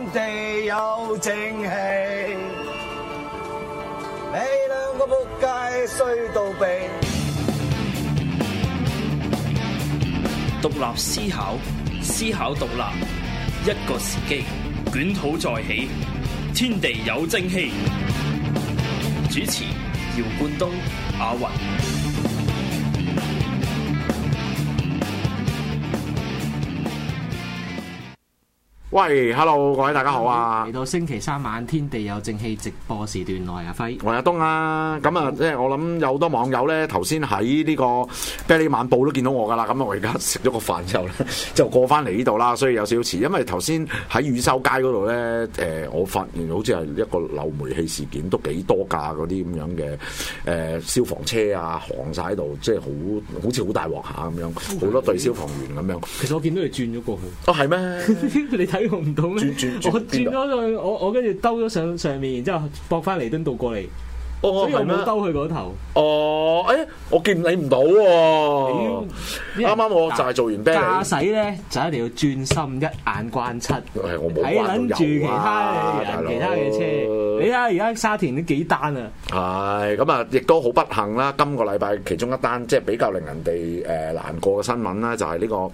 天地有正氣，你兩個仆街衰到痺。獨立思考，思考獨立，一個時機，捲土再起。天地有正氣。主持：姚冠東、阿云。喂、hey，Hello，各位大家好啊！嚟到星期三晚天地有正氣直播時段內，阿輝，我阿東啊。咁啊，即係我諗有好多網友咧，頭先喺呢個《啤 a 晚報都見到我噶啦。咁啊，我而家食咗個飯之後咧， 就過翻嚟呢度啦。所以有少少遲，因為頭先喺宇宙街嗰度咧，誒、呃，我發現好似係一個漏煤氣事件，都幾多架嗰啲咁樣嘅誒、呃、消防車啊，行晒喺度，即係好好似好大鑊下咁樣，好多隊消防員咁樣。其實我見到你轉咗過去。哦、啊，係咩？ 你睇。唔 到咩？我轉咗去，我我跟住兜咗上上面，然之後駁翻彌敦道過嚟。哦，所以我冇兜佢嗰頭。哦，哎、欸，我見你唔到喎、啊。啱啱為我就係做完啤。駕駛咧就一定要專心，一眼關七。係、哎、我冇諗住、哎、其他嘅人、哥其他嘅車。你睇下而家沙田啲幾單啊？係咁啊，亦都好不幸啦。今個禮拜其中一單，即、就、係、是、比較令人哋誒難過嘅新聞啦，就係、是、呢、這個。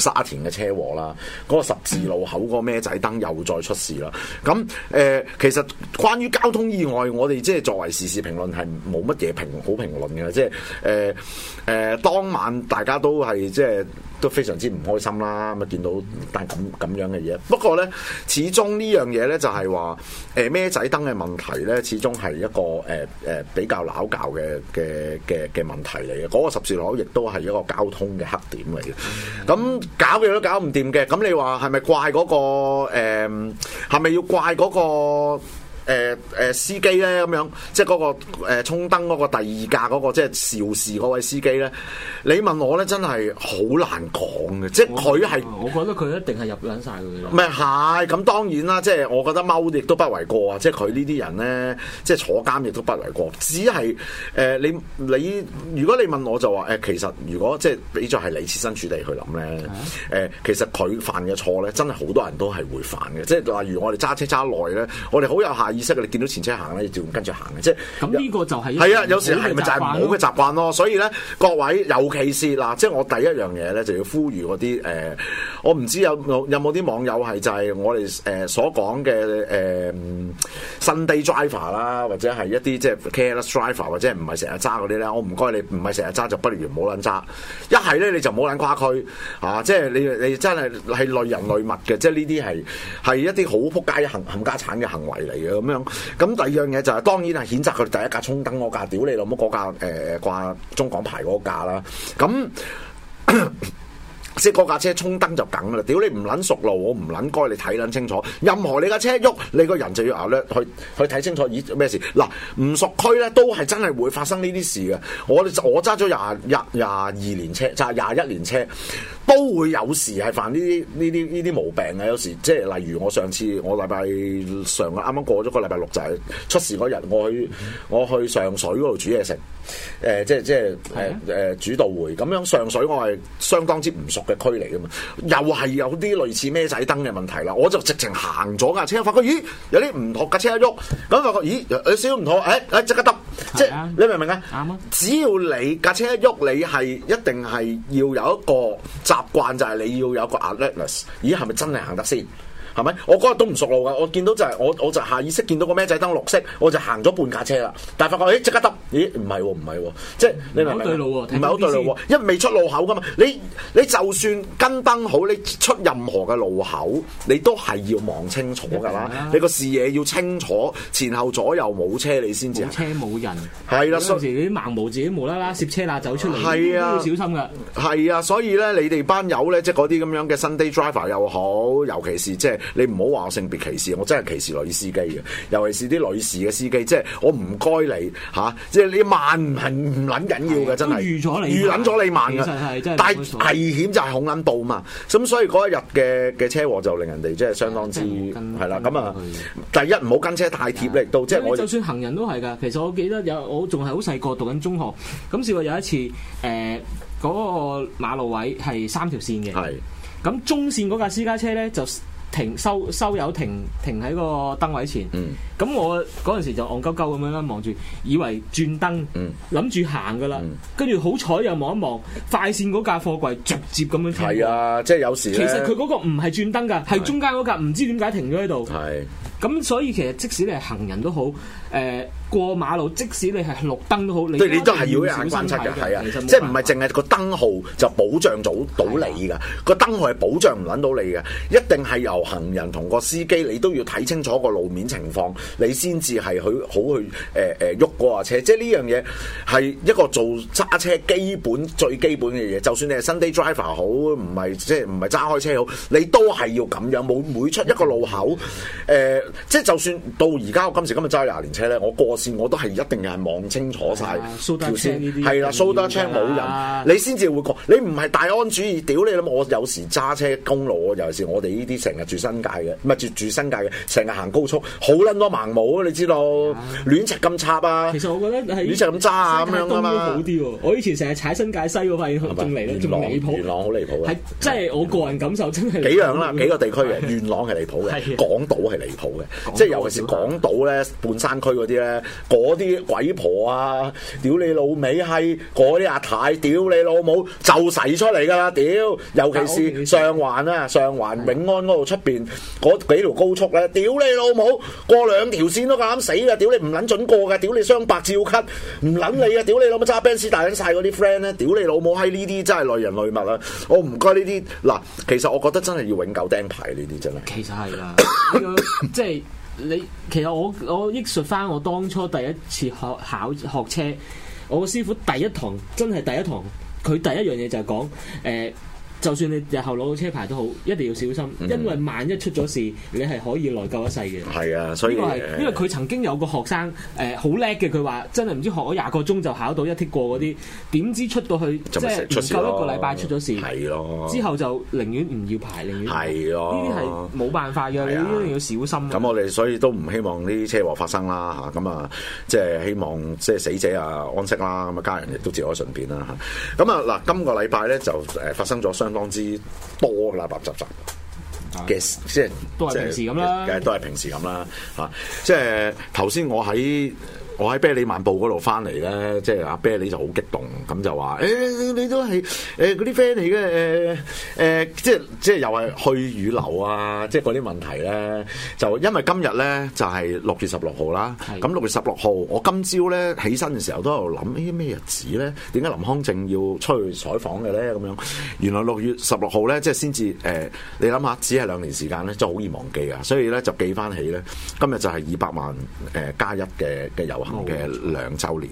沙田嘅車禍啦，嗰個十字路口嗰個孭仔燈又再出事啦。咁誒、呃，其實關於交通意外，我哋即係作為時事評論，係冇乜嘢評好評論嘅，即係誒誒，當晚大家都係即係。都非常之唔開心啦！咁啊，見到但係咁咁樣嘅嘢。不過咧，始終呢樣嘢咧就係話，誒、呃、孭仔燈嘅問題咧，始終係一個誒誒、呃呃、比較撈教嘅嘅嘅嘅問題嚟嘅。嗰、那個十字路口亦都係一個交通嘅黑點嚟嘅。咁、嗯、搞嘅都搞唔掂嘅。咁你話係咪怪嗰、那個？誒係咪要怪嗰、那個？誒誒司機咧，咁樣，即係嗰個誒衝燈嗰個第二架嗰個，即係肇事嗰位司機咧，你問我咧真係好難講嘅，即係佢係我覺得佢一定係入緊曬佢。咪係咁當然啦，即係我覺得踎亦都不為過啊！即係佢呢啲人咧，即係坐監亦都不為過。只係誒你你，如果你問我就話誒，其實如果即係比作係你設身處地去諗咧，誒其實佢犯嘅錯咧，真係好多人都係會犯嘅。即係例如我哋揸車揸耐咧，我哋好有下。意識你見到前車行咧，你就跟住行嘅，即係咁呢個就係係啊，有時係咪就係唔好嘅習慣咯？所以咧，各位尤其是嗱，即係我第一樣嘢咧，就要呼籲嗰啲誒，我唔知有有冇啲網友係就係我哋誒、呃、所講嘅誒 Sunday driver 啦，或者係一啲即係 careless driver 或者唔係成日揸嗰啲咧，我唔該你唔係成日揸就不如唔好撚揸。一係咧你就唔好撚跨區啊！即係你你真係係累人累物嘅，嗯、即係呢啲係係一啲好仆街、行冚家產嘅行為嚟嘅。咁樣，咁第二樣嘢就係、是、當然係譴責佢第一架衝燈嗰架，屌你老母嗰架誒掛、呃、中港牌嗰架啦。咁即嗰架車衝燈就梗啦，屌 你唔捻熟路，我唔捻該，你睇捻清楚。任何你架車喐，你個人就要學叻去去睇清楚咦，咩事嗱，唔熟區咧，都係真係會發生呢啲事嘅。我我揸咗廿廿廿二年車，就係廿一年車。都會有時係犯呢啲呢啲呢啲毛病嘅，有時即係例如我上次我禮拜上，啱啱過咗個禮拜六就係、是、出事嗰日，我去我去上水嗰度煮嘢食，誒、呃、即係即係誒誒主道回咁樣上水我係相當之唔熟嘅區嚟㗎嘛，又係有啲類似咩仔燈嘅問題啦，我就直情行咗架車，發覺咦有啲唔妥架車一喐，咁發覺咦有少少唔妥，誒、哎、誒、啊、即刻揼，即係你明唔明啊？只要你架車一喐，你係一定係要有一個。習慣就係你要有個 alertness，咦係咪真係行得先？係咪？我嗰日都唔熟路噶，我見到就係我我就下意識見到個咩仔燈綠色，我就行咗半架車啦。但係發覺，咦，即刻得，咦，唔係喎，唔係喎，即係你唔係好對路喎，唔係好對路喎，因為未出路口噶嘛。你你就算跟燈好，你出任何嘅路口，你都係要望清楚㗎啦。你個視野要清楚，前後左右冇車你先至冇車冇人。係啦，所以啲盲毛自己無啦啦攝車罅走出嚟都要小心㗎。係啊，所以咧，你哋班友咧，即係嗰啲咁樣嘅 Sunday driver 又好，尤其是即係。你唔好話我性別歧視，我真係歧視女司機嘅，尤其是啲女士嘅司機，即係我唔該你吓、啊，即係你慢係唔撚緊要嘅，真係預咗你預撚咗你慢嘅，但係危險就係恐撚到嘛，咁所以嗰一日嘅嘅車禍就令人哋即係相當之係啦。咁啊、嗯，第一，唔好跟車太貼力的到即，即係我就算行人都係噶。其實我記得有我仲係好細個讀緊中學，咁試過有一次誒嗰、呃那個馬路位係三條線嘅，咁的中線嗰架私家車咧就。停收收油停停喺個燈位前，咁、嗯、我嗰陣時就戇鳩鳩咁樣啦，望住以為轉燈，諗住行噶啦，跟住好彩又望一望快線嗰架貨櫃，直接咁樣停。係啊，即係有時咧，其實佢嗰個唔係轉燈㗎，係是中間嗰架唔知點解停咗喺度。係是，咁所以其實即使你係行人都好，誒、呃。過馬路，即使你係綠燈都好,、呃、好,好，你都係要一翻出察嘅，係啊，即係唔係淨係個燈號就保障到到你噶，個燈號係保障唔揾到你嘅，一定係由行人同個司機，你都要睇清楚個路面情況，你先至係去好去誒誒喐過下車，即係呢樣嘢係一個做揸車基本最基本嘅嘢，就算你係 Sunday driver 好，唔係即係唔係揸開車好，你都係要咁樣，冇每,每出一個路口，誒、呃，即係就算到而家我今時今日揸廿年車咧，我過。線我都係一定係望清楚曬條線，係啦，蘇打槍冇人，你先至會覺你唔係大安主義，屌你啦！我有時揸車公路，尤其是我哋呢啲成日住新界嘅，唔係住住新界嘅，成日行高速，好撚多盲毛啊！你知道亂插咁插啊！其實我覺得係亂插咁揸啊咁樣好啲嘛！我以前成日踩新界西嗰塊地仲嚟仲離譜，元朗好離譜。係即係我個人感受，真係幾樣啦，幾個地區嘅元朗係離譜嘅，港島係離譜嘅，即係尤其是港島咧，半山區嗰啲咧。嗰啲鬼婆啊，屌你老味，閪！嗰啲阿太，屌你老母，就使出嚟噶啦！屌，尤其是上環啊，上環永安嗰度出邊嗰幾條高速咧、啊，屌你老母，過兩條線都夠膽死啦！屌你唔捻准，准過噶，屌你雙白照咳，唔捻你啊！屌你老母揸 b n 馳大緊曬嗰啲 friend 咧、啊，屌你老母閪！呢啲真係內人內物啊！我唔該呢啲嗱，其實我覺得真係要永久釘牌呢啲真係，其實係啦、 這個，即係。你其實我我憶述翻我當初第一次學考學車，我個師傅第一堂真係第一堂，佢第一樣嘢就係講，誒。呃就算你日後攞到車牌都好，一定要小心，因為萬一出咗事，你係可以內疚一世嘅。係啊，所以因為佢曾經有個學生誒好叻嘅，佢、呃、話真係唔知學咗廿個鐘就考到一 tick 過嗰啲，點知出到去即係唔夠一個禮拜出咗事，係咯。啊、之後就寧願唔要牌，寧願係咯。呢啲係冇辦法嘅，啊、你一定要小心、啊。咁我哋所以都唔希望呢啲車禍發生啦嚇，咁啊即係希望即係死者啊安息啦，咁啊家人亦都自我順便啦咁啊嗱，今個禮拜咧就誒發生咗相。當之多啦，垃垃雜雜嘅，即係都係平時咁啦，誒都係平時咁啦嚇，即係頭先我喺。我喺啤梨漫步嗰度翻嚟咧，即係阿啤梨就好激動，咁就話，誒、欸、你都係誒嗰啲啤梨嘅誒誒即係即係又係去與留啊！即係嗰啲問題咧，就因為今、就是、日咧就係六月十六號啦。咁六月十六號我今朝咧起身嘅時候都喺度諗：咦、欸，咩日子咧？點解林匡正要出去採訪嘅咧？咁樣原來六月十六號咧，即係先至誒你諗下，只係兩年時間咧，真係好易忘記啊！所以咧就記翻起咧，今日就係二百萬誒、呃、加一嘅嘅遊。嘅、嗯、兩周年，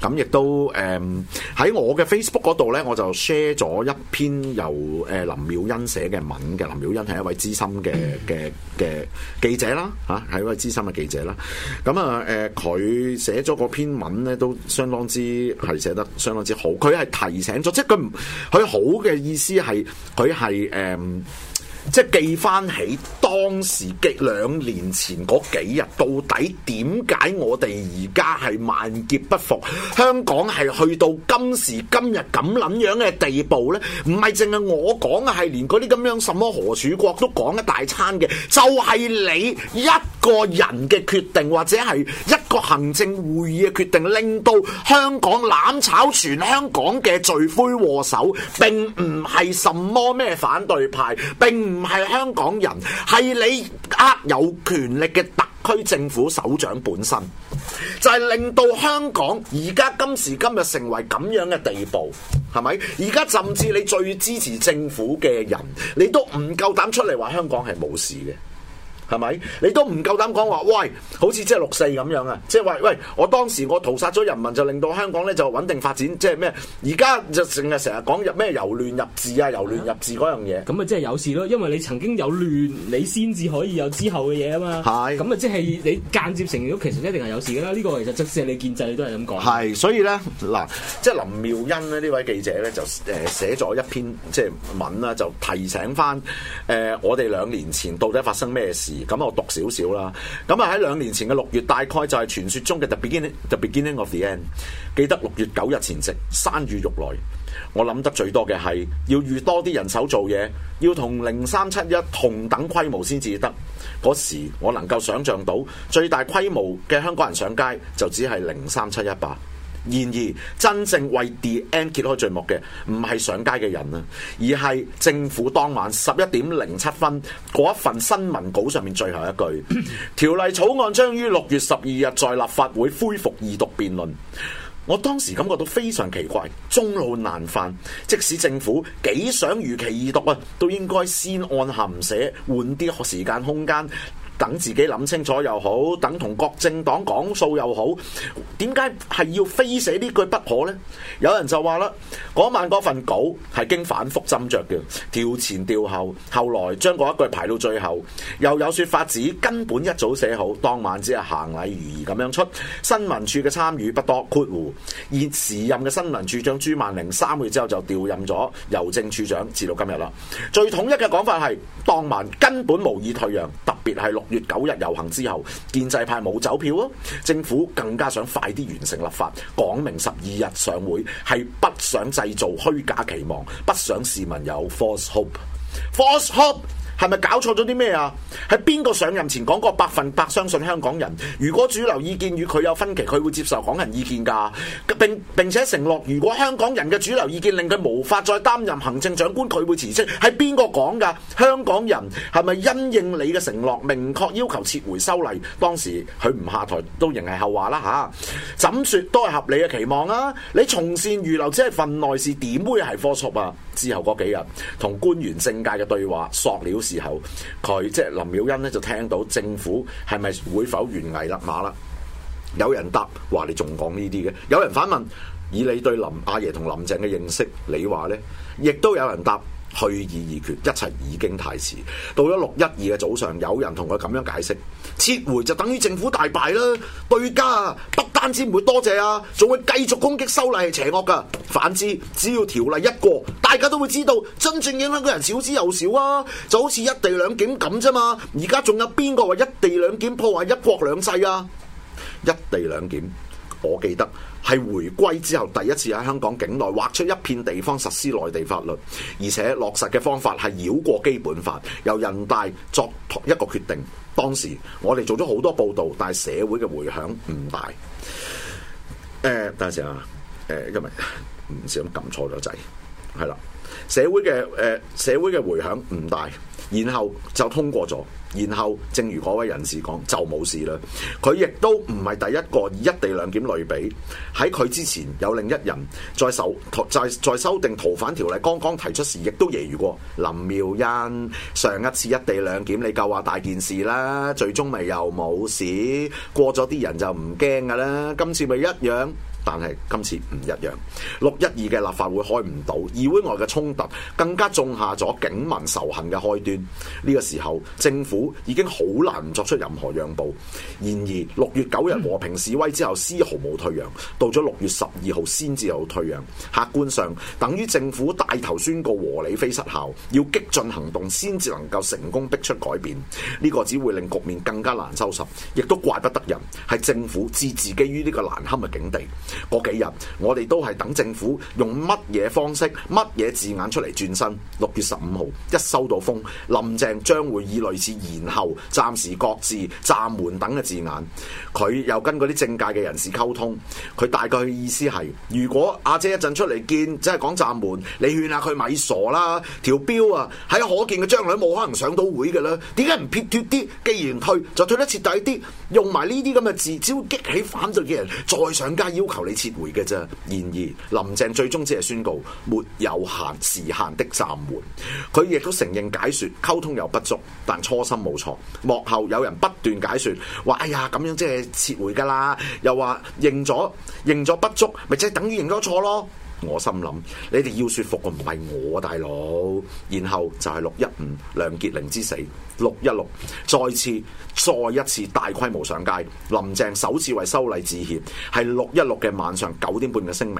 咁亦都誒喺、嗯、我嘅 Facebook 嗰度咧，我就 share 咗一篇由誒林妙恩寫嘅文嘅。林妙恩係一位資深嘅嘅嘅記者啦，嚇、啊、係一位資深嘅記者啦。咁啊誒，佢、嗯嗯嗯、寫咗嗰篇文咧，都相當之係寫得相當之好。佢係提醒咗，即係佢唔佢好嘅意思係佢係誒。即係記翻起當時嘅兩年前幾日，到底點解我哋而家係萬劫不復，香港係去到今時今日咁撚樣嘅地步咧？唔係淨係我講係，連嗰啲咁樣什麼何處國都講一大餐嘅，就係、是、你一個人嘅決定，或者係一個行政會議嘅決定，令到香港攬炒全香港嘅罪魁禍首，並唔係什麼咩反對派並。唔係香港人，係你握有權力嘅特區政府首長本身，就係令到香港而家今時今日成為咁樣嘅地步，係咪？而家甚至你最支持政府嘅人，你都唔夠膽出嚟話香港係冇事嘅。係咪？你都唔夠膽講話，喂，好似即係六四咁樣啊！即係話，喂，我當時我屠殺咗人民，就令到香港咧就穩定發展，即係咩？而家就成日成日講入咩由亂入治啊，由亂入治嗰樣嘢。咁啊，即係有事咯，因為你曾經有亂，你先至可以有之後嘅嘢啊嘛。係的。咁啊，即係你間接承認其實一定係有事噶啦。呢、這個其實即使你建制，你都係咁講。係，所以咧，嗱，即係林妙恩咧呢位記者咧，就誒寫咗一篇即係文啦，就提醒翻誒、呃、我哋兩年前到底發生咩事。咁我讀少少啦，咁啊喺兩年前嘅六月，大概就係傳説中嘅 the beginning，the beginning of the end。記得六月九日前夕，山雨欲來。我諗得最多嘅係要預多啲人手做嘢，要同零三七一同等規模先至得。嗰時我能夠想像到最大規模嘅香港人上街，就只係零三七一吧。然而，真正為 DN 揭開序幕嘅，唔係上街嘅人啊，而係政府當晚十一點零七分嗰一份新聞稿上面最後一句：條例草案將於六月十二日在立法會恢復二讀辯論。我當時感覺到非常奇怪，眾怒難犯，即使政府幾想如期二讀啊，都應該先按下唔寫，換啲時間空間。等自己諗清楚又好，等同各政黨講數又好，點解係要非寫呢句不可呢？有人就話啦，嗰晚嗰份稿係經反覆斟酌嘅，調前調後，後來將嗰一句排到最後。又有説法指根本一早寫好，當晚只係行禮如儀咁樣出新聞處嘅參與不多，括弧而時任嘅新聞處長朱萬寧三個月之後就調任咗郵政處長，至到今日啦。最統一嘅講法係當晚根本無意退讓，特別係六月九日遊行之後，建制派冇走票啊！政府更加想快啲完成立法，講明十二日上會係不想製造虛假期望，不想市民有 false hope. false hope，false hope。係咪搞錯咗啲咩啊？係邊個上任前講過百分百相信香港人？如果主流意見與佢有分歧，佢會接受港人意見噶，並並且承諾，如果香港人嘅主流意見令佢無法再擔任行政長官，佢會辭職。係邊個講噶？香港人係咪因應你嘅承諾，明確要求撤回修例？當時佢唔下台都仍係後話啦吓。怎說都係合理嘅期望啊！你從善如流只係份內事，點會係錯啊？之後嗰幾日，同官員政界嘅對話，索料時候，佢即係林妙茵呢就聽到政府係咪會否懸崖勒馬啦？有人答話：你仲講呢啲嘅？有人反問：以你對林阿爺同林鄭嘅認識，你話呢？亦都有人答。去意而決，一切已經太遲。到咗六一二嘅早上，有人同佢咁樣解釋：撤回就等於政府大敗啦，對家啊，不單止唔會多謝啊，仲會繼續攻擊修例係邪惡㗎。反之，只要條例一過，大家都會知道真正影響嘅人少之又少啊！就好似一地兩檢咁啫嘛。而家仲有邊個話一地兩檢破壞一國兩制啊？一地兩檢，我記得。係回歸之後第一次喺香港境內劃出一片地方實施內地法律，而且落實嘅方法係繞過基本法，由人大作同一個決定。當時我哋做咗好多報道，但係社會嘅回響唔大。誒、呃，等陣時，誒，今日唔小心撳錯咗掣，係啦，社會嘅誒、呃，社會嘅回響唔大。然後就通過咗，然後正如嗰位人士講，就冇事啦。佢亦都唔係第一個以一地兩檢類比，喺佢之前有另一人，在修在在修訂逃犯條例剛剛提出時，亦都揶揄過林妙恩。上一次一地兩檢，你夠話、啊、大件事啦，最終咪又冇事，過咗啲人就唔驚㗎啦。今次咪一樣。但係今次唔一樣，六一二嘅立法會開唔到，議會外嘅衝突更加種下咗警民仇恨嘅開端。呢個時候政府已經好難作出任何讓步。然而六月九日和平示威之後，絲毫冇退讓，到咗六月十二號先至有退讓。客觀上，等於政府帶頭宣告和理非失效，要激進行動先至能夠成功逼出改變。呢個只會令局面更加難收拾，亦都怪不得人，係政府置自己於呢個難堪嘅境地。嗰幾日，我哋都係等政府用乜嘢方式、乜嘢字眼出嚟轉身。六月十五號一收到風，林鄭將會以類似延後、暫時、擱置、暫緩等嘅字眼，佢又跟嗰啲政界嘅人士溝通。佢大概意思係：如果阿姐一陣出嚟見，即係講暫緩，你勸下佢咪傻啦？條標啊，喺可見嘅將來冇可能上到會嘅啦。點解唔撇脱啲？既然退，就退得徹底啲，用埋呢啲咁嘅字，只要激起反對嘅人再上街要求。你撤回嘅啫，然而林鄭最終只係宣告沒有限時限的暫緩，佢亦都承認解說溝通有不足，但初心冇錯。幕後有人不斷解說，話哎呀咁樣即係撤回噶啦，又話認咗認咗不足，咪即係等於認咗錯咯。我心諗，你哋要說服我唔係我大佬。然後就係六一五梁凌杰之死，六一六再次再一次大規模上街，林鄭首次為修例致歉，係六一六嘅晚上九點半嘅聲明。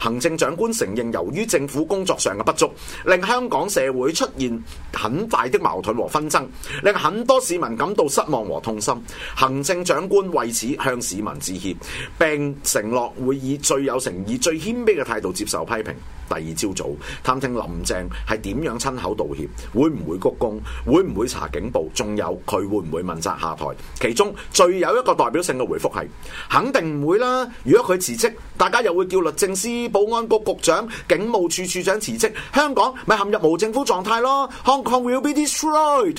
行政長官承認，由於政府工作上嘅不足，令香港社會出現很大的矛盾和紛爭，令很多市民感到失望和痛心。行政長官為此向市民致歉，並承諾會以最有誠意、最謙卑嘅態度接。接受批評，第二朝早探聽林鄭係點樣親口道歉，會唔會鞠躬，會唔會查警暴，仲有佢會唔會問責下台？其中最有一個代表性嘅回覆係：肯定唔會啦。如果佢辭職，大家又會叫律政司、保安局局長、警務處處長辭職，香港咪陷入無政府狀態咯？Hong Kong will be destroyed。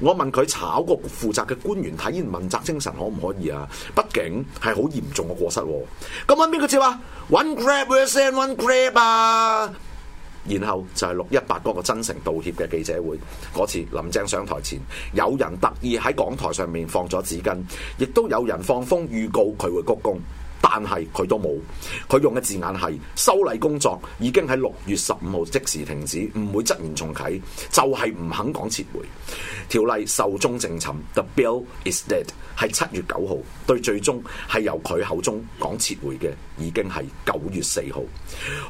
我問佢炒個負責嘅官員體現問責精神可唔可以啊？畢竟係好嚴重嘅過失喎啊。咁問邊個接啊？One crap，我 send one crap 啊！然後就係六一八嗰個真誠道歉嘅記者會。嗰次，林鄭上台前，有人特意喺講台上面放咗紙巾，亦都有人放風預告佢會鞠躬。但係佢都冇，佢用嘅字眼係修例工作已經喺六月十五號即時停止，唔會質言重啟，就係、是、唔肯講撤回條例壽終正寢。The bill is dead。係七月九號對最終係由佢口中講撤回嘅，已經係九月四號。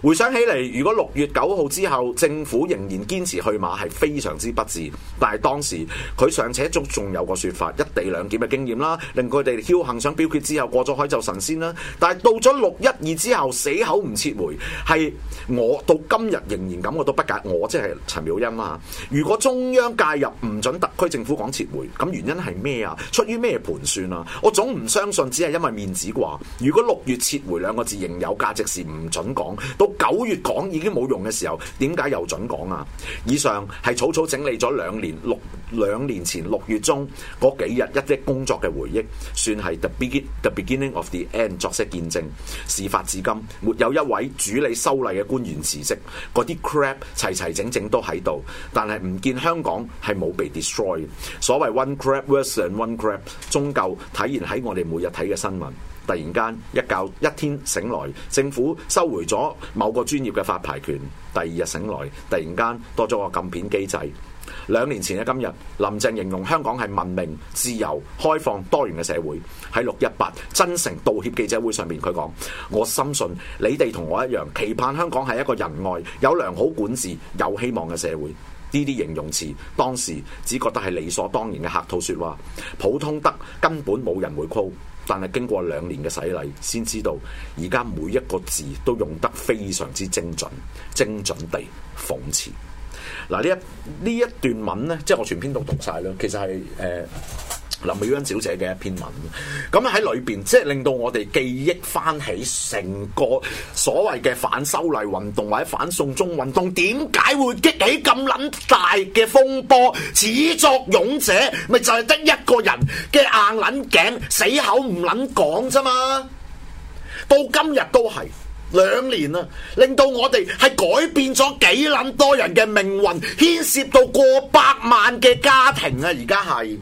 回想起嚟，如果六月九號之後政府仍然堅持去馬，係非常之不智。但係當時佢尚且中仲有個說法，一地兩檢嘅經驗啦，令佢哋僥幸想表決之後過咗海就神仙啦。但係到咗六一二之後，死口唔撤回，係我到今日仍然感覺到不解。我即係陳妙欣啦、啊。如果中央介入唔准特區政府講撤回，咁原因係咩啊？出於咩盤算啊？我總唔相信只係因為面子啩。如果六月撤回兩個字仍有價值時唔準講，到九月講已經冇用嘅時候，點解又準講啊？以上係草草整理咗兩年六兩年前六月中嗰幾日一啲工作嘅回憶，算係 the beginning, the beginning of the end 作見證事發至今，沒有一位主理修例嘅官員辭職，嗰啲 crab 齊齊整整都喺度，但係唔見香港係冇被 destroy。所謂 one crab worse than one crab，終究體現喺我哋每日睇嘅新聞。突然間一覺一天醒來，政府收回咗某個專業嘅發牌權，第二日醒來，突然間多咗個禁片機制。兩年前嘅今日，林鄭形容香港係文明、自由、開放、多元嘅社會，喺六一八真誠道歉記者會上面，佢講：我深信你哋同我一樣，期盼香港係一個仁愛、有良好管治、有希望嘅社會。呢啲形容詞當時只覺得係理所當然嘅客套説話，普通得根本冇人會 call。但係經過兩年嘅洗禮，先知道而家每一個字都用得非常之精準，精準地諷刺。嗱呢一呢一段文咧，即係我全篇都讀晒啦。其實係誒林美恩小姐嘅一篇文，咁喺裏邊即係令到我哋記憶翻起成個所謂嘅反修例運動或者反送中運動，點解會激起咁捻大嘅風波？始作俑者咪就係得一個人嘅硬捻頸，死口唔捻講啫嘛，到今日都係。兩年啊，令到我哋係改變咗幾撚多人嘅命運，牽涉到過百萬嘅家庭啊！而家係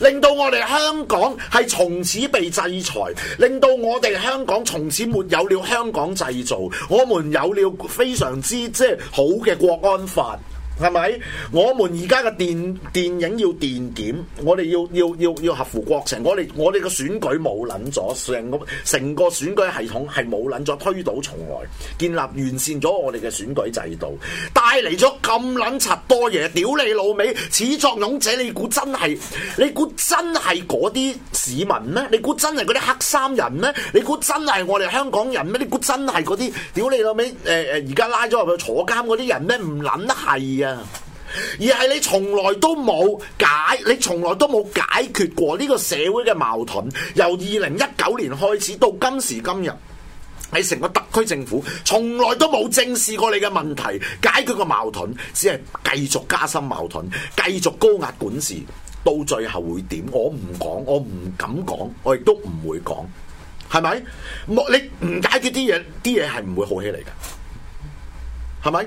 令到我哋香港係從此被制裁，令到我哋香港從此沒有了香港製造，我們有了非常之即好嘅國安法。係咪？我哋而家嘅電電影要電檢，我哋要要要要合乎國情。我哋我哋嘅選舉冇撚咗，成個成個選舉系統係冇撚咗推倒重來，建立完善咗我哋嘅選舉制度，帶嚟咗咁撚柒多嘢。屌你老味，始作俑者，你估真係？你估真係嗰啲市民咩？你估真係嗰啲黑衫人咩？你估真係我哋香港人咩？你估真係嗰啲屌你老味？誒誒而家拉咗入去坐監嗰啲人咩？唔撚係啊！而係你從來都冇解，你從來都冇解決過呢個社會嘅矛盾。由二零一九年開始到今時今日，你成個特區政府從來都冇正視過你嘅問題，解決個矛盾，只係繼續加深矛盾，繼續高壓管治。到最後會點？我唔講，我唔敢講，我亦都唔會講，係咪？你唔解決啲嘢，啲嘢係唔會好起嚟嘅，係咪？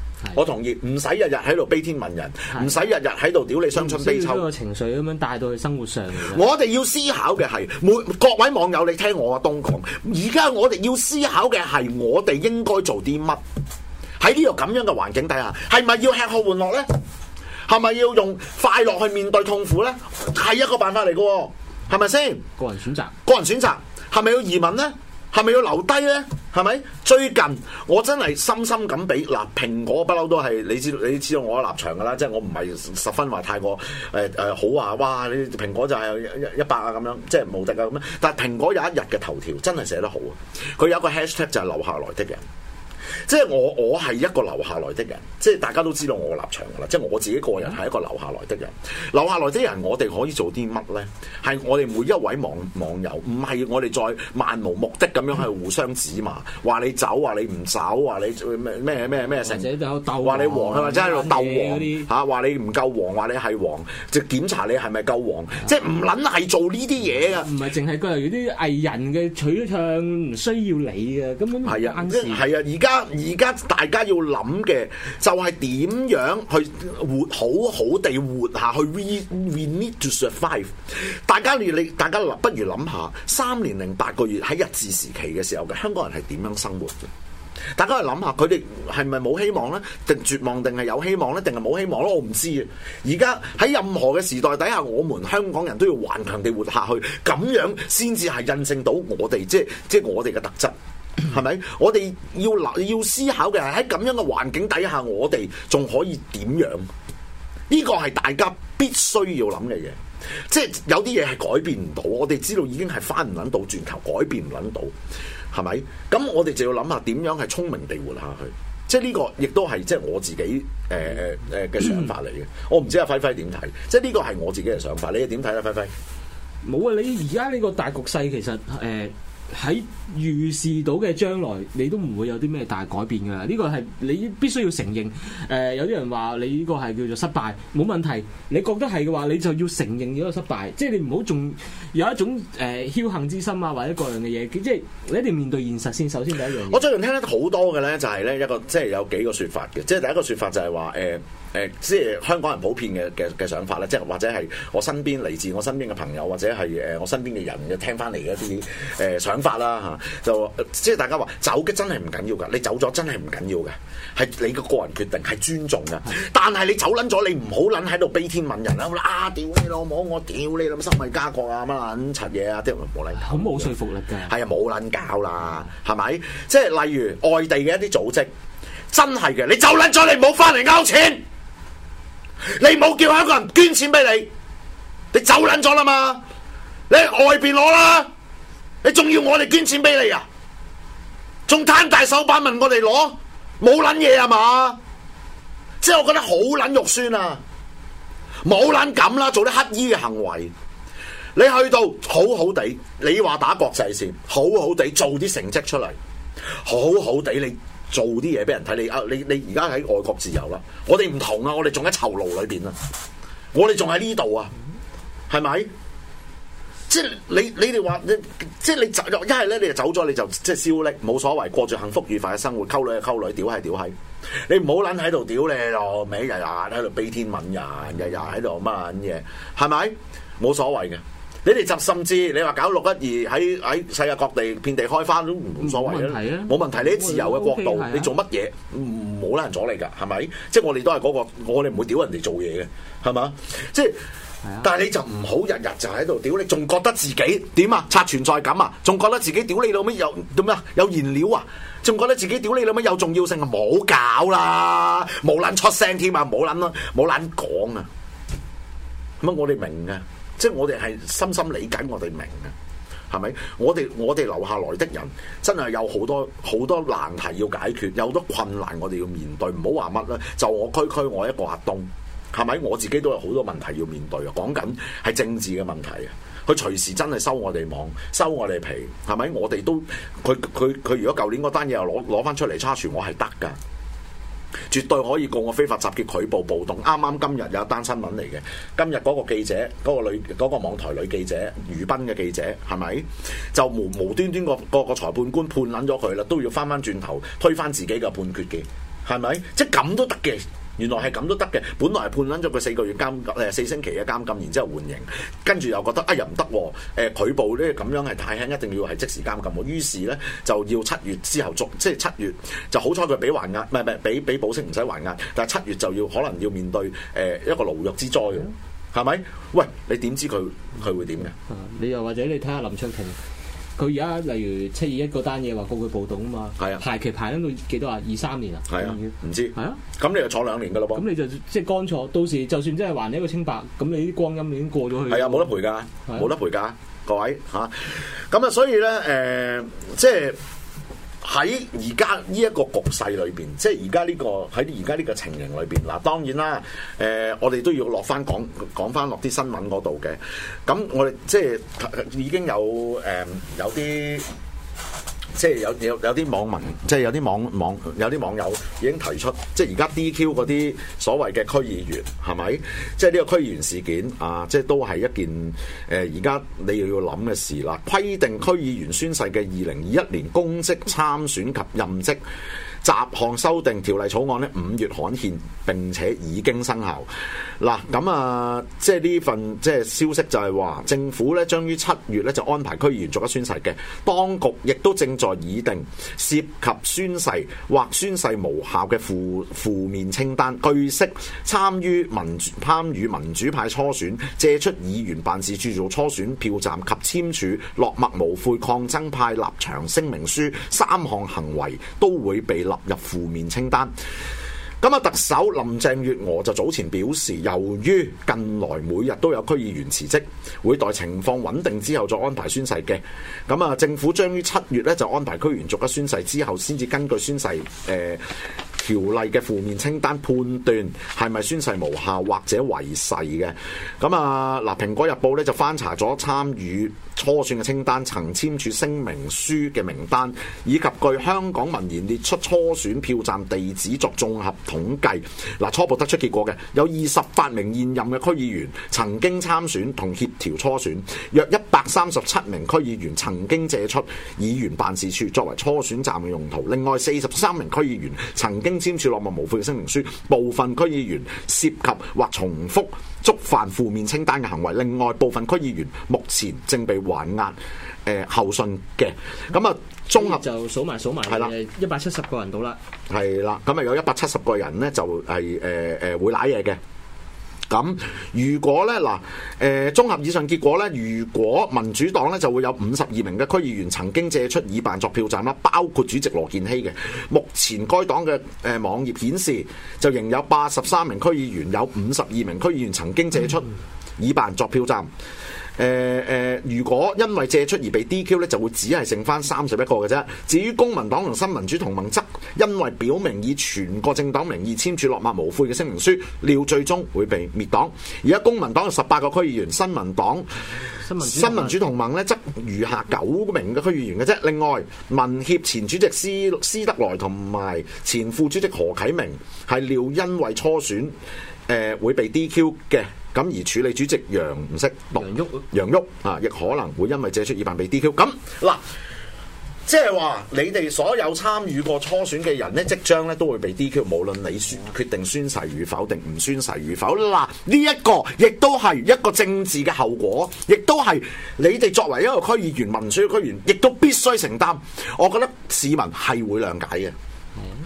我同意，唔使日日喺度悲天憫人，唔使日日喺度屌你傷春悲秋，個情緒咁樣帶到去生活上。我哋要思考嘅係，每各位網友，你聽我阿東講，而家我哋要思考嘅係，我哋應該做啲乜？喺呢個咁樣嘅環境底下，係咪要吃喝玩樂呢？係咪要用快樂去面對痛苦呢？係一個辦法嚟嘅、哦，係咪先？個人選擇，個人選擇，係咪要移民呢？係咪要留低咧？係咪？最近我真係深深咁比嗱，蘋果不嬲都係你知，你知道我嘅立場噶啦，即係我唔係十分話太過誒誒、呃、好話、啊，哇！你蘋果就係一百啊咁樣，即係無敵啊咁樣。但係蘋果有一日嘅頭條真係寫得好啊，佢有一個 hashtag 就係、是、留下來的嘅。即係我我係一個留下來的人，即係大家都知道我立場噶啦，即係我自己個人係一個留下來的人。嗯、留下來啲人，我哋可以做啲乜咧？係我哋每一位網網友，唔係我哋再漫無目的咁樣去互相指罵，話你走，話你唔走，話你咩咩咩咩成鬥，話你黃或者喺度鬥黃吓，話你唔夠黃，話你係黃，就檢查你係咪夠黃，嗯、即係唔撚係做呢啲嘢啊？唔係淨係例如啲藝人嘅取向唔需要你啊，根本係啊，係啊，而家。而家大家要諗嘅就係點樣去活，好好地活下去，we, We need to survive。大家你你，大家不如諗下三年零八個月喺日治時期嘅時候嘅香港人係點樣生活嘅？大家去諗下，佢哋係咪冇希望呢？定絕望？定係有希望呢？定係冇希望咯？我唔知嘅。而家喺任何嘅時代底下，我們香港人都要頑強地活下去，咁樣先至係印證到我哋，即係即係我哋嘅特質。係咪？我哋要諗要思考嘅係喺咁樣嘅環境底下，我哋仲可以點樣？呢個係大家必須要諗嘅嘢。即係有啲嘢係改變唔到，我哋知道已經係翻唔捻到轉頭改變唔捻到，係咪？咁我哋就要諗下點樣係聰明地活下去。即係呢個亦都係即係我自己誒誒嘅想法嚟嘅。嗯、我唔知阿輝輝點睇。即係呢個係我自己嘅想法。你又點睇咧，輝輝？冇啊！你而家呢個大局勢其實誒。呃喺預示到嘅將來，你都唔會有啲咩大改變噶啦。呢個係你必須要承認。誒、呃，有啲人話你呢個係叫做失敗，冇問題。你覺得係嘅話，你就要承認呢個失敗。即係你唔好仲有一種誒、呃、僥幸之心啊，或者各樣嘅嘢。即係你一定要面對現實先。首先第一樣，我最近聽得好多嘅咧，就係、是、咧一個即係有幾個說法嘅。即係第一個說法就係話誒。呃誒、呃，即係香港人普遍嘅嘅嘅想法咧，即係或者係我身邊嚟自我身邊嘅朋友，或者係誒我身邊嘅人嘅聽翻嚟一啲誒想法啦吓、啊，就即係大家話走嘅真係唔緊要噶，你走咗真係唔緊要嘅，係你個個人決定，係尊重噶。但係你走捻咗，你唔好捻喺度悲天憫人啦，啊，屌你老母，我屌你咁心懷家國啊，乜捻柒嘢啊，啲人冇理，好冇說服力噶，係啊，冇捻搞啦，係咪？即係例如外地嘅一啲組織，真係嘅，你走捻咗你唔好翻嚟勾錢。你冇叫下一個人捐錢俾你，你走捻咗啦嘛？你喺外邊攞啦，你仲要我哋捐錢俾你啊？仲攤大手板問我哋攞，冇捻嘢啊嘛？即係我覺得好捻肉酸啊！冇捻咁啦，做啲乞衣嘅行為，你去到好好地，你話打國際線，好好地做啲成績出嚟，好好地你。做啲嘢俾人睇，你啊，你你而家喺外國自由啦，我哋唔同啊，我哋仲喺囚牢裏邊啊，我哋仲喺呢度啊，係咪？即係你你哋話，即係你，你走，一係咧你就走咗，你就即係消匿，冇所謂，過住幸福愉快嘅生活，溝女係溝女，屌係屌係，你唔好撚喺度屌你，我咪日日喺度悲天憫人，日日喺度乜撚嘢，係咪？冇所謂嘅。你哋就甚至你話搞六一二喺喺世界各地遍地開花都唔所謂啊，冇問題。你啲自由嘅國度，都 OK，你做乜嘢冇撚阻你噶，係咪？即係我哋都係嗰個，我哋唔會屌人哋做嘢嘅，係咪？即係，但係你就唔好日日的就喺度屌你，仲覺得自己點啊？刷存在感啊？仲覺得自己屌你老味有咁啊？有燃料啊？仲覺得自己屌你老味有重要性啊？冇搞啦，冇撚出聲添啊！冇撚咯，冇撚講啊！咁我哋明噶。即係我哋係深深理解，我哋明嘅係咪？我哋我哋留下來的人真係有好多好多難題要解決，有好多困難我哋要面對。唔好話乜啦，就我區區我一個阿東係咪？我自己都有好多問題要面對啊。講緊係政治嘅問題啊，佢隨時真係收我哋網，收我哋皮，係咪？我哋都佢佢佢，如果舊年嗰單嘢又攞攞翻出嚟差傳，我係得噶。絕對可以告我非法集結、拒捕，暴動。啱啱今日有一單新聞嚟嘅，今日嗰個記者，嗰、嗰個女，嗰、嗰個網台女記者余斌嘅記者，係咪就無無端端個個裁判官判撚咗佢啦，都要翻翻轉頭推翻自己嘅判決嘅，係咪？即係咁都得嘅。原來係咁都得嘅，本來係判翻咗佢四個月監禁誒四星期嘅監禁，然之後緩刑，跟住又覺得哎呀，唔得，誒取保呢咁樣係太輕，一定要係即時監禁喎。於是咧就要七月之後續，即係七月就好彩佢俾還押，唔係唔係俾俾保釋唔使還押，但係七月就要可能要面對誒、呃、一個牢獄之災嘅，係咪、嗯？喂，你點知佢佢會點嘅、啊？你又或者你睇下林卓廷。佢而家例如七二一嗰單嘢話告佢暴動啊嘛，係啊，排期排緊到幾多啊？二三年啊，係啊，唔知係啊，咁你就坐兩年㗎喇噃，咁、啊、你就即係乾坐，到時就算真係還你一個清白，咁你啲光陰已經過咗去，係啊，冇得賠㗎，冇、啊、得賠㗎，各位吓？咁啊，所以咧誒、呃，即係。喺而家呢一個局勢裏邊，即係而家呢個喺而家呢個情形裏邊，嗱當然啦，誒、呃、我哋都要落翻講講翻落啲新聞嗰度嘅，咁我哋即係已經有誒、呃、有啲。即係有有有啲網民，即係有啲網網有啲網友已經提出，即係而家 DQ 嗰啲所謂嘅區議員係咪？即係呢個區議員事件啊，即係都係一件誒而家你又要諗嘅事啦。規定區議員宣誓嘅二零二一年公職參選及任職雜項修訂條例草案咧，五月刊憲並且已經生效。嗱，咁啊，即係呢份即係消息就係話政府咧將於七月咧就安排區議員逐一宣誓嘅。當局亦都正在擬定涉及宣誓或宣誓無效嘅負負面清單，據悉，參與民主參與民主派初選借出議員辦事處做初選票站及簽署落墨無悔抗爭派立場聲明書三項行為都會被。納入負面清單。咁啊，特首林鄭月娥就早前表示，由於近來每日都有區議員辭職，會待情況穩定之後再安排宣誓嘅。咁啊，政府將於七月咧就安排區議員逐一宣誓之後，先至根據宣誓誒條例嘅負面清單判斷係咪宣誓無效或者違誓嘅。咁啊，嗱，《蘋果日報》咧就翻查咗參與。初選嘅清單、曾簽署聲明書嘅名單，以及據香港文言列出初選票站地址作綜合統計。嗱、啊，初步得出結果嘅有二十八名現任嘅區議員曾經參選同協調初選，約一百三十七名區議員曾經借出議員辦事處作為初選站嘅用途。另外四十三名區議員曾經簽署墨落無悔嘅聲明書，部分區議員涉及或重複。觸犯負面清單嘅行為，另外部分區議員目前正被還押，誒候訊嘅，咁啊綜合就數埋數埋係啦，一百七十個人到啦，係啦，咁啊有一百七十個人咧就係誒誒會賴嘢嘅。咁如果咧嗱，誒、呃、綜合以上結果咧，如果民主黨咧就會有五十二名嘅區議員曾經借出議辦作票站啦，包括主席羅健熙嘅。目前該黨嘅誒、呃、網頁顯示，就仍有八十三名區議員，有五十二名區議員曾經借出議辦作票站。誒誒、呃，如果因為借出而被 DQ 咧，就會只係剩翻三十一個嘅啫。至於公民黨同新民主同盟，則因為表明以全國政黨名義簽署墨落無悔嘅聲明書，料最終會被滅黨。而家公民黨有十八個區議員，新民黨、新民主同盟咧，則餘下九名嘅區議員嘅啫。另外，民協前主席施施德來同埋前副主席何啟明，係料因為初選誒、呃、會被 DQ 嘅。咁而處理主席楊唔識楊旭，啊，亦可能會因為借出議辦被 DQ。咁嗱，即係話你哋所有參與過初選嘅人呢，即將呢都會被 DQ。無論你決定宣誓與否，定唔宣誓與否，嗱呢一個亦都係一個政治嘅後果，亦都係你哋作為一個區議員、民選區議員，亦都必須承擔。我覺得市民係會諒解嘅，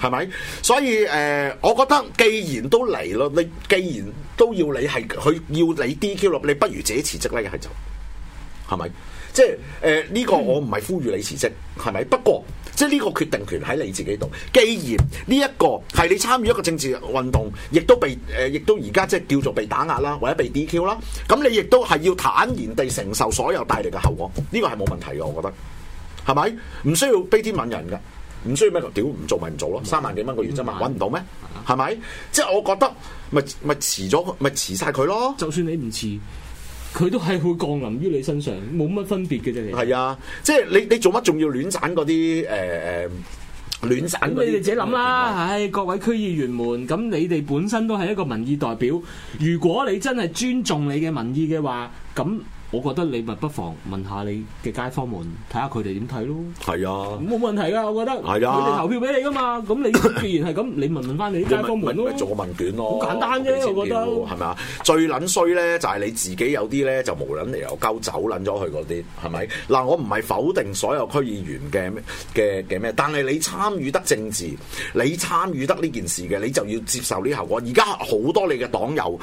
係咪？所以誒，我覺得既然都嚟咯，你既然。都要你係佢要你 DQ 落，你不如自己辭職啦！一係就係咪？即係誒呢個我唔係呼籲你辭職，係咪？不過即係呢個決定權喺你自己度。既然呢一個係你參與一個政治運動，亦都被誒、呃，亦都而家即係叫做被打壓啦，或者被 DQ 啦，咁你亦都係要坦然地承受所有帶嚟嘅後果。呢、這個係冇問題嘅，我覺得係咪？唔需要悲天憫人嘅。唔需要咩？屌唔做咪唔做咯，是三萬幾蚊個月啫嘛，揾唔是到咩？係咪，啊？即係我覺得，咪咪遲咗，咪遲晒佢咯。就算你唔遲，佢都係會降臨於你身上，冇乜分別嘅啫，你。係啊，即係你你做乜仲要亂賺嗰啲誒誒亂賺？你哋自己諗啦，唉是、哎，各位區議員們，咁你哋本身都係一個民意代表，如果你真係尊重你嘅民意嘅話，咁。我覺得你咪不妨問下你嘅街坊看看們，睇下佢哋點睇咯。係啊，冇問題噶，我覺得。係啊，佢哋投票俾你噶嘛，咁你自然係咁， 你問你問翻你街坊們咯。做個問卷咯，簡單啫，我，我覺得係咪啊？最撚衰咧，就係你自己有啲咧就無撚理由鳩走撚咗佢嗰啲，係咪？嗱的，我唔係否定所有區議員嘅嘅嘅咩，但係你參與得政治，你參與得呢件事嘅，你就要接受呢效果。而家好多你嘅黨友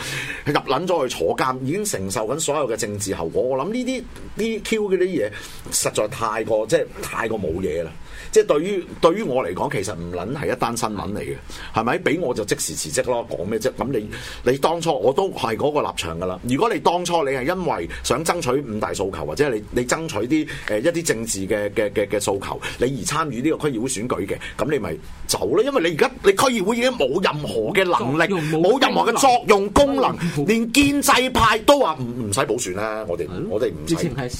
入撚咗去坐監，已經承受緊所有嘅政治後。我我諗呢啲啲 Q 嗰啲嘢，實在太過即係太過冇嘢啦！即係對於對於我嚟講，其實唔撚係一單新聞嚟嘅，係咪？俾我就即時辭職咯，講咩啫？咁你你當初我都係嗰個立場噶啦。如果你當初你係因為想爭取五大訴求或者你你爭取啲誒一啲、呃、政治嘅嘅嘅嘅訴求，你而參與呢個區議會選舉嘅，咁你咪走啦。因為你而家你區議會已經冇任何嘅能力，冇任何嘅作用功能，功能連建制派都話唔唔使補選啦，我哋。 我哋唔知，直情係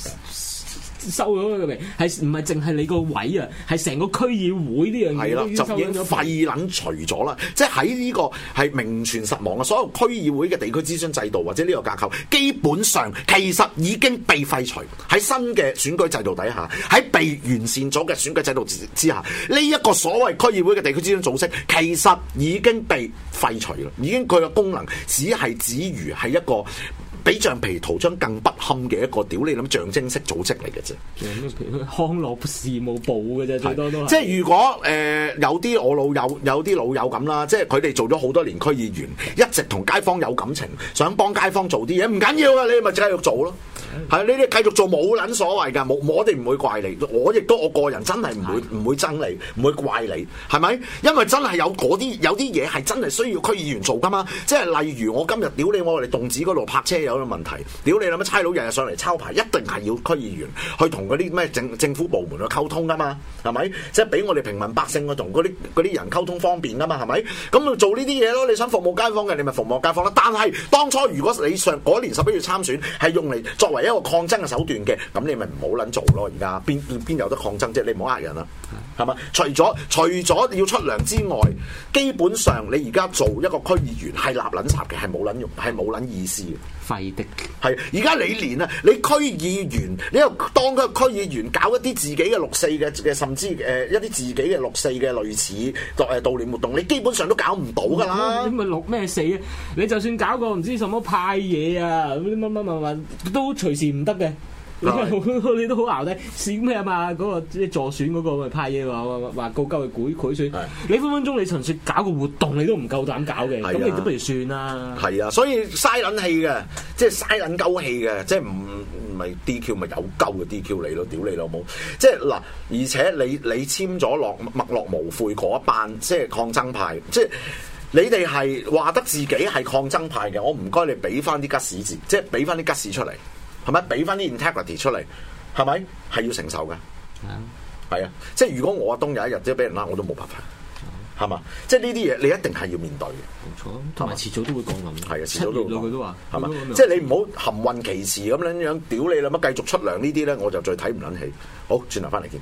收咗佢未？係唔係淨係你個位啊？係成個區議會呢樣嘢都已，已經廢撚除咗啦！即係喺呢個係名存實亡嘅所有區議會嘅地區諮詢制度或者呢個架構，基本上其實已經被廢除。喺新嘅選舉制度底下，喺被完善咗嘅選舉制度之下，呢、這、一個所謂區議會嘅地區諮詢組織，其實已經被廢除啦！已經佢嘅功能只係止於係一個。比橡皮圖章更不堪嘅一個屌你諗象徵式組織嚟嘅啫，康樂事務部嘅啫，最多都係。即係如果誒、呃、有啲我老友有啲老友咁啦，即係佢哋做咗好多年區議員，一直同街坊有感情，想幫街坊做啲嘢，唔緊要啊，你咪繼續做咯。係啊，呢啲繼續做冇撚所謂㗎，冇我哋唔會怪你，我亦都我個人真係唔會唔的會憎你，唔會怪你，係咪？因為真係有嗰啲有啲嘢係真係需要區議員做㗎嘛，即係例如我今日屌你，我哋洞子嗰度泊車有個問題，屌你啦！乜差佬日日上嚟抄牌，一定係要區議員去同嗰啲咩政政府部門去溝通㗎嘛，係咪？即係俾我哋平民百姓嗰種嗰啲啲人溝通方便㗎嘛，係咪？咁就做呢啲嘢咯。你想服務街坊嘅，你咪服務街坊啦。但係當初如果你上嗰年十一月參選係用嚟作為，一個抗爭嘅手段嘅，咁你咪唔好捻做咯，而家邊邊有得抗爭啫？你唔好呃人啦，係嘛？除咗除咗要出糧之外，基本上你而家做一個區議員係立捻雜嘅，係冇捻用，係冇捻意思嘅。廢的係而家你連啊，你區議員，你又當個區議員搞一啲自己嘅六四嘅甚至誒、呃、一啲自己嘅六四嘅類似誒悼念活動，你基本上都搞唔到噶啦。啊、你咪六咩四啊？你就算搞個唔知什麼派嘢啊，乜乜乜乜都隨時唔得嘅。你都好熬底，閃咩啊嘛？嗰、那個即係助選嗰、那個咪派嘢話話話告鳩嘅賄賄選，賄賄的你分分鐘你純粹搞個活動，你都唔夠膽搞嘅，咁的你都不如算啦？係啊，所以嘥撚氣嘅，即係嘥撚鳩氣嘅，即係唔唔係 DQ 咪有鳩嘅 DQ 你咯，屌你老母！即係嗱，而且你你簽咗落墨落無悔嗰一班，即係抗爭派，即係你哋係話得自己係抗爭派嘅，我唔該你俾翻啲吉士字，即係俾翻啲吉士出嚟。係咪俾翻啲 integrity 出嚟？係咪係要承受噶？係啊的，係啊，即係如果我阿東有一日都俾人拉，我都冇辦法，係嘛？即係呢啲嘢，你一定係要面對嘅。冇錯錯，同埋遲早都會降冧。係啊，遲早都會降。佢都話係嘛？即係你唔好含混其辭咁樣樣，屌你啦，乜繼續出糧呢啲咧，我就再睇唔捻起。好，轉頭翻嚟見。